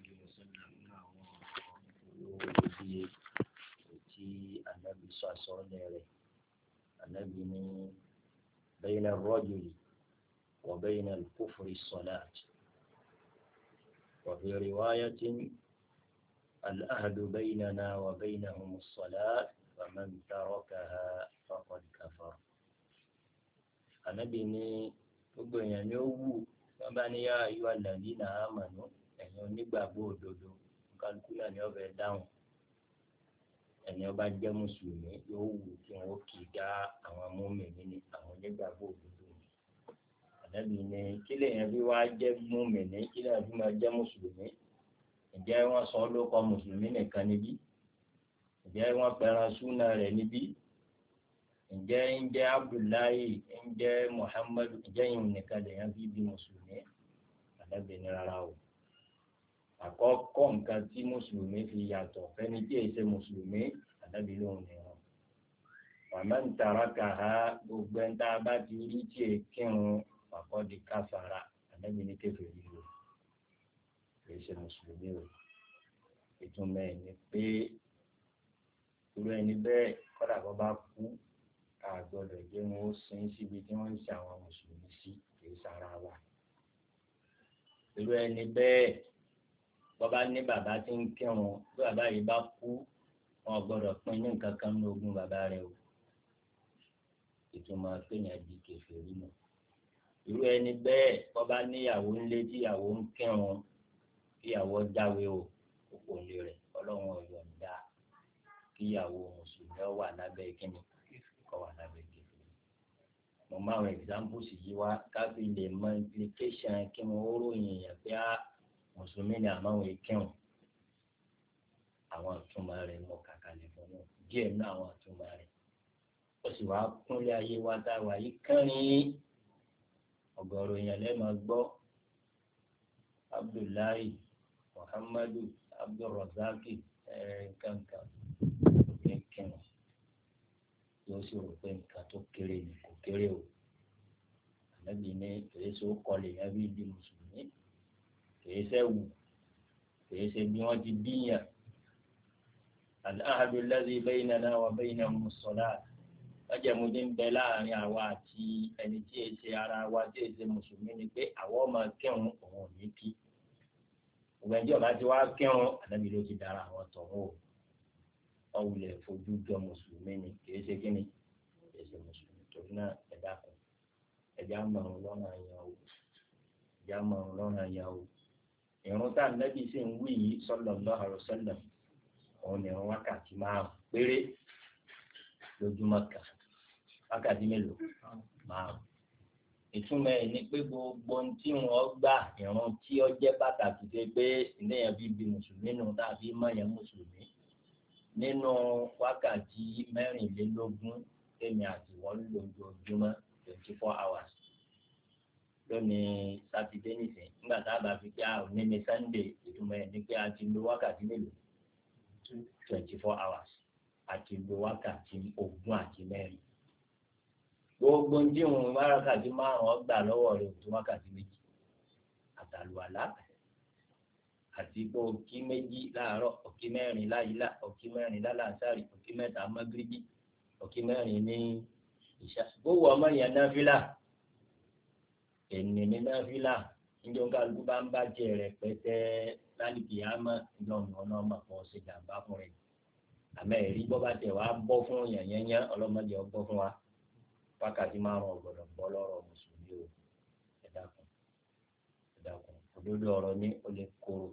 عليه وسلم olówó tí anabi sọ àsọlẹ rẹ anabi ní bẹ́yìnà rọ́jòlì wà bẹ́yìnà kófòrì sọ́láàtì wà fi riwáyà tí al'ahadu bẹ́yìnà náà wà bẹ́yìnà hùn sọ́láàtì wà mẹ́m tààrọ́ ka ha fàkọ̀dì kàfàr. anabi ní gbogbo èèyàn ni ó wù wọ́n bá ní yá ayú àlàlí náà mọ̀ náà ẹ̀yin onígbàgbọ́ òdodo kálukú náà ni wọ́n fẹ́ dáhùn ẹni ọba jẹ́ mùsùlùmí yóò wù kí wọ́n kì í dá àwọn mùmínì ní àwọn onígbàgbọ́ òdodo ni àdábì ni kí lèèyàn bí wàá jẹ́ mùmínì kí lèèyàn bí máa jẹ́ mùsùlùmí ǹjẹ́ wọ́n sọ lóko mùsùlùmí nìkan níbí ǹjẹ́ wọ́n pẹran súnà rẹ̀ níbí ǹjẹ́ ǹjẹ́ abdullahi ǹjẹ́ muhammadu ǹjẹ́ yìí nìkan lèèyàn bí bí mùsùlùmí àdábì ni rárá o àkọ́kọ́ nǹkan tí mùsùlùmí fi yàtọ̀ fẹ́ni tí èsè mùsùlùmí àdábì lóhùn ni wọn. màmá ń tara kà á gbogbo ẹ̀ ń tá a bá ti rí tí è kírun àkọ́ di káfàrà àdábì ní kéfì rí o kì í ṣe mùsùlùmí o ìtumọ̀ ẹ̀ ni pé irú ẹni bẹ́ẹ̀ kọ́dà kan bá kú àgbọ̀dọ̀ jẹ́ wọn ó sin síbi tí wọ́n ń ṣe àwọn mùsùlùmí sí kì í sára wa irú ẹni bẹ́ẹ̀ bọ́bá ní bàbá tí ń kírun bí bàbá yìí bá kú wọn gbọ́dọ̀ pín ní nǹkan kan ní ogún bàbá rẹ̀ o ìtumọ̀ péyàn di kèfèrí nù irú ẹni bẹ́ẹ̀ bọ́bá níyàwó ńlé tíyàwó ń kírun kíyàwó jáwé o òpó ilé rẹ̀ ọlọ́run ọ̀yọ̀ ń dá kíyàwó mùsùlùmí wà lábẹ́ kíni kọ́ lábẹ́ kèfèrí mo máa ń examples yìí wá ká lè mọ implication kí wọ́n ròyìn èèyàn pé á. Ah, mùsùlùmí ni àmọ́ àwọn ìkẹrùn àwọn àtúmọ̀ rẹ̀ mọ̀ kàkàlẹ̀ fún wọn díẹ̀ ní àwọn àtúmọ̀ rẹ̀ ó sì wáá kúnlé ayé wa dá wa yìí kẹrin ọ̀gọ̀rọ̀ èèyàn lẹ́ẹ̀ máa gbọ́ Abdullahi Muhammadu Abdulrazaki kankan ní kẹrin yóò sì rò pé nǹkan tó kéré ni kò kéré o ànábì ní èso kọlẹ̀ yẹn bí di mùsùlùmí kìí sẹ́wù kìí ṣe bí wọ́n ti bíyàn al-ahadu alladhi baynana wa baynahum as-salat lọ́jẹ̀mú ní bẹ láàrin àwa àti ẹni tí e ṣe ara wa tí e ṣe mùsùlùmí ni pé àwọn ọmọ kírun òun ò ní kí ògbẹ́njọ́ bá ti wá kírun ànábì ló ti dára àwọn tọ̀hún o ọ̀wùlẹ̀ fojú jọ mùsùlùmí ni kì ṣe kí ni kì ṣe mùsùlùmí torí náà ẹ̀dá kan ẹ̀dá mọ̀rún lọ́nà àyàn o ẹ̀dá mọ̀rún lọ́nà àyàn o ìrun tá nẹ́bí sì ń wí yìí sallallahu alaihi wasallam òun ni ìrun wákàtí márùn péré lójúmọ́ kan wákàtí mélòó márùn ìtumọ̀ ẹ̀ ni pé gbogbo ohun tí wọ́n gbà ìran tí ó jẹ́ pàtàkì ṣe pé ìléyàn bíi bíi mùsùlùmí nù tàbí mọ̀yàn mùsùlùmí nínú wákàtí mẹ́rìnlélógún èmi àti wọ́n lójoojúmọ́ twenty four hours lónìí sátidé nìsín nígbà tá a bá fi kí a ò ní ní sunday ìtumọ̀ ẹ̀ ní pé a ti lo wákàtí mélòó twenty four hours a ti lo wákàtí ogún àti mẹ́rin gbogbo ń dín òun wákàtí márùn-ún ọgbà lọ́wọ́ rẹ̀ tó wákàtí méjì àtàlùwàlá àti pé òkí méjì láàárọ̀ òkí mẹ́rin láyìlá òkí mẹ́rin lálàásárì òkí mẹ́ta mọ́gírígì òkí mẹ́rin ní ìṣá gbogbo ọmọ yẹn náà fílà ẹni ní náfìlà níjọ kálukú bá ń bàjẹ́ rẹ̀ pẹ́tẹ́ lálùkì àmọ́ ìjọ ọ̀nà ọmọ kan ṣe jàǹbá fún rẹ̀ àmọ́ ẹ̀rí bọ́ bá tẹ̀ wá bọ́ fún yànyẹ́nyẹ́ ọlọ́mọdé ọgbọ́ fún wa wákàtí márùn-ún ọ̀gbọ̀dọ̀ bọ́ lọ́rọ̀ mùsùlùmí o ẹ dákun ẹ dákun òdodo ọ̀rọ̀ ní o lè koro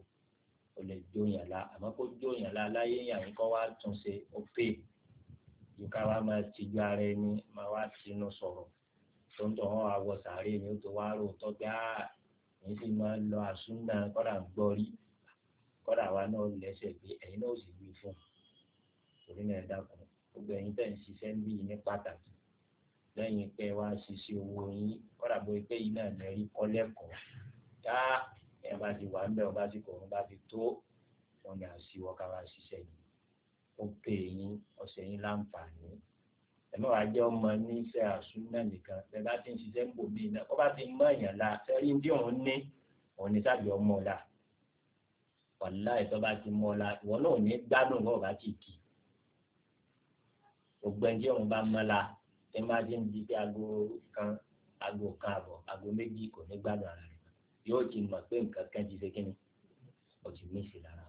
o lè jóyàn la àmọ́ kó jóyàn la láyé yàn kọ́ wá tún ó pè yíká wa máa tijú ara ẹni máa wá tinú sọ̀rọ̀ tó ń tọ̀ wọ́n àwọ̀ sàárè ni ó tó wá rò tọ́ gbá èyí sì máa ń lọ àsúná kọ́dà ń gbọ́ rí kọ́dà wa náà lẹ́sẹ̀ pé ẹ̀yin náà sì wí fún torí náà dákun gbogbo ẹ̀yin tẹ̀ ń ṣiṣẹ́ ń bí ní pàtàkì lẹ́yìn pé wá ṣiṣẹ́ owó yín kọ́dà bó pé yín náà lẹ́rí kọ́ lẹ́kọ̀ọ́ tá ẹ̀ bá ti wà ń bẹ̀ ọba ti kọ̀ọ̀rọ̀ bá ti tó wọn ni àṣìwọ́ ká wá ṣiṣẹ́ yìí ó pè yín ọ̀sẹ̀ yín láǹfààní ẹ̀mọ́ àjẹ́ ọmọ ní iṣẹ́ àṣúná nìkan ẹ bá ti ń ṣiṣẹ́ ń bò mí iná kọ́ bá ti mọ èèyàn la sẹ́rí bí òun ní òun ní sábì ọmọ ọ̀la ọ̀la ìtọ́ bá ti mọ ọ̀la ìwọ náà ò ní gbádùn bọ́ọ̀ bá ti kì í gbogbo ẹni tí òun bá mọ la ẹ má ti ń di pé aago kan aago kan àbọ̀ aago méjì kò ní gbádùn ara rẹ̀ yóò ti mọ̀ pé nǹkan kan ti ṣe kíni ó ti mí ìsìn lára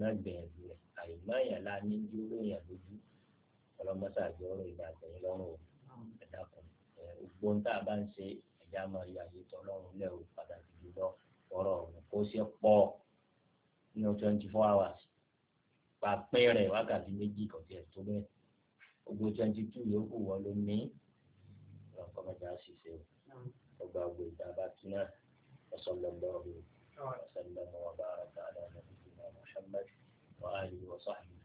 náà gbìyànjú rẹ̀ àìmọ́ èèyàn la ní dúró èèyàn lójú ọlọmọsá àjọ ìdá àtẹyìn lọrùn ẹdá kan gbogbo ń tá a bá ń ṣe ẹjá máa yọ àyè tọ lọrùn lẹ o pàtàkì jùlọ ọ̀rọ̀ ọrùn kó ṣe pọ̀ nínú twenty four hours pàpẹ́ rẹ̀ wákàtí méjì kan tiẹ̀ tó bẹ́ẹ̀ gbogbo twenty two yòókù wọ́n ló ní ọkọ̀ mẹ́ta ṣiṣẹ́ o ọgbà gbogbo ìta bá tún náà ọ̀sán lọ́gbọ́n ọ̀hún ọ̀sán lọ́gbọ́n ọba àtàlà ọ̀nà ìgbìmọ̀ ọ̀ṣọ́gbọ́n wàhálì ọ̀sán àgbẹ̀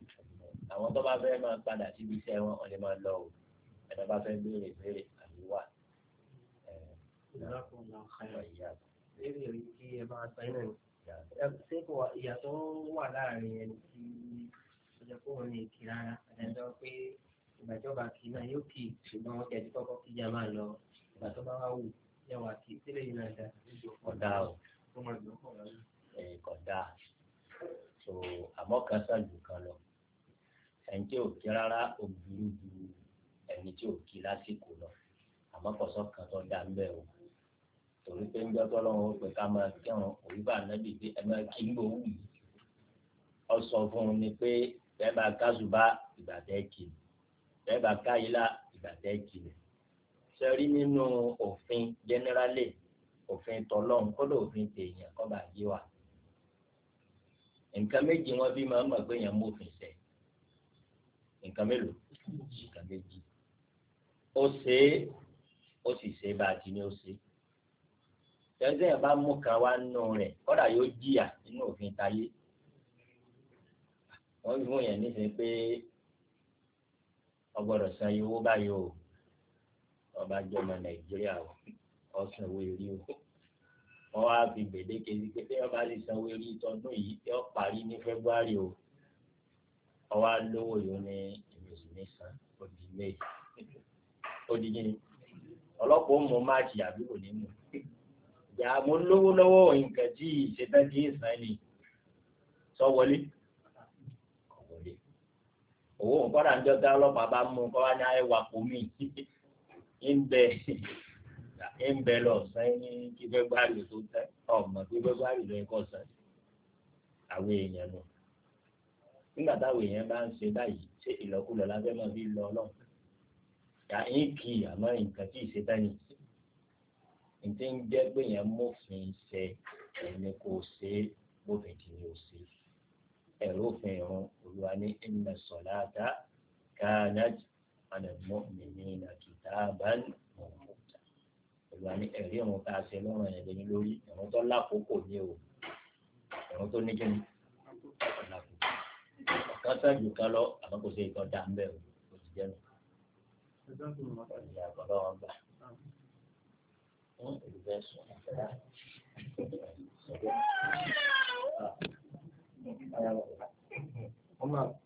àwọn tó bá fẹ́ máa padà síbi iṣẹ́ wọn wọn lè máa lọ o ẹ̀dá bá fẹ́ béèrè béèrè àbí wà. ṣé kò ìyàtọ̀ wà láàrin ẹni tí ọjọ́ kó wọn lè kí rárá àdájọ́ pé ìgbà tí ọba kì í náà yóò kì í ṣùgbọ́n ọjà tí kọ́kọ́ kí já máa lọ ìgbà tó bá wà wù yẹ wà kì í sílẹ̀ yìí náà dá. ọ̀dà o kọ̀dà so àmọ́ kan sáàlù kan lọ ẹni tí ò kí rárá ó burú ju ẹni tí ò kí lásìkò lọ àmọ́ kọ̀sọ́ kan tó dá ń bẹ̀ o torí pé ń jọ́ tọ́lọ́run ó pè ká máa kírun òbí bá pé ẹ máa kí ń gbòó wù ọ sọ fún un ni pé bẹ́ẹ̀ bá kásùbá ìgbà tẹ́ kì í bẹ́ẹ̀ bá nínú òfin jẹ́nẹ́rálì òfin tọ́lọ́run kọ́dọ̀ òfin tèèyàn kọ́ bá wa nǹkan méjì wọn bí máa ń mọ̀ pé nǹkan mélòó nǹkan méjì ó ṣe é ó sì ṣe é bá a ti ní ó ṣe é tẹ́ńtẹ́ yẹn bá mú kan wá nù rẹ̀ kọ́dà yóò jìyà nínú òfin táyé wọ́n fi fún yẹn níṣẹ́ pé ọgbọ́dọ̀ san owó báyìí o ọba jẹ́ ọmọ nàìjíríà o ọ̀sán owó èrí o wọ́n wá fi gbèdéke sí pé bí bá lè san owó èrí tọdún yìí yóò parí ní february o ọwọ́ alówó yóò ní ìrèsì ní san odi méjì odi gini ọlọ́pàá ó mú máàkì àbí kò ní mú ìyá mo lówó lọ́wọ́ nǹkan tí ìṣẹ́tẹ́ kì í san ni sọ wọlé wọlé owó nǹkan náà ń jọ ọlọ́pàá bá mú kọ́ wá ní àyẹ̀wò àpò mi ń bẹ ń bẹ lọ sẹ́yìn kí fẹ́ gbáàlì tó tẹ́ ọmọ kí fẹ́ gbáàlì lọ ẹ̀kọ́ sẹ́yìn àwọn èèyàn náà nígbà táwọn èèyàn bá ń ṣe báyìí ṣe ìlọkulọ lábẹ́ mọ́ bí lọ lọ yà ń kì í àmọ́ nǹkan tí ìṣe bá yìí ṣe ní ti ń jẹ́ pé yẹn mọ́fin ṣe ẹni kò ṣe é bófin kì í ṣe ẹ̀rọ òfin ìrun olúwa ní inna salata kanat alal mu'minina kitaban mawquta olúwa ní ẹ̀rí ìrun tá a ṣe lọ́rùn ẹ̀yẹ́dẹ́ni lórí ìrun tó lákòókò ní o ìrun tó ní kíni kan sàn jù kan lọ àmọ́ kò sí ìtọ́jà ń bẹ̀ o ti jẹ́ nù. ìyá àbọ̀lọ́ wọn gbà. Thank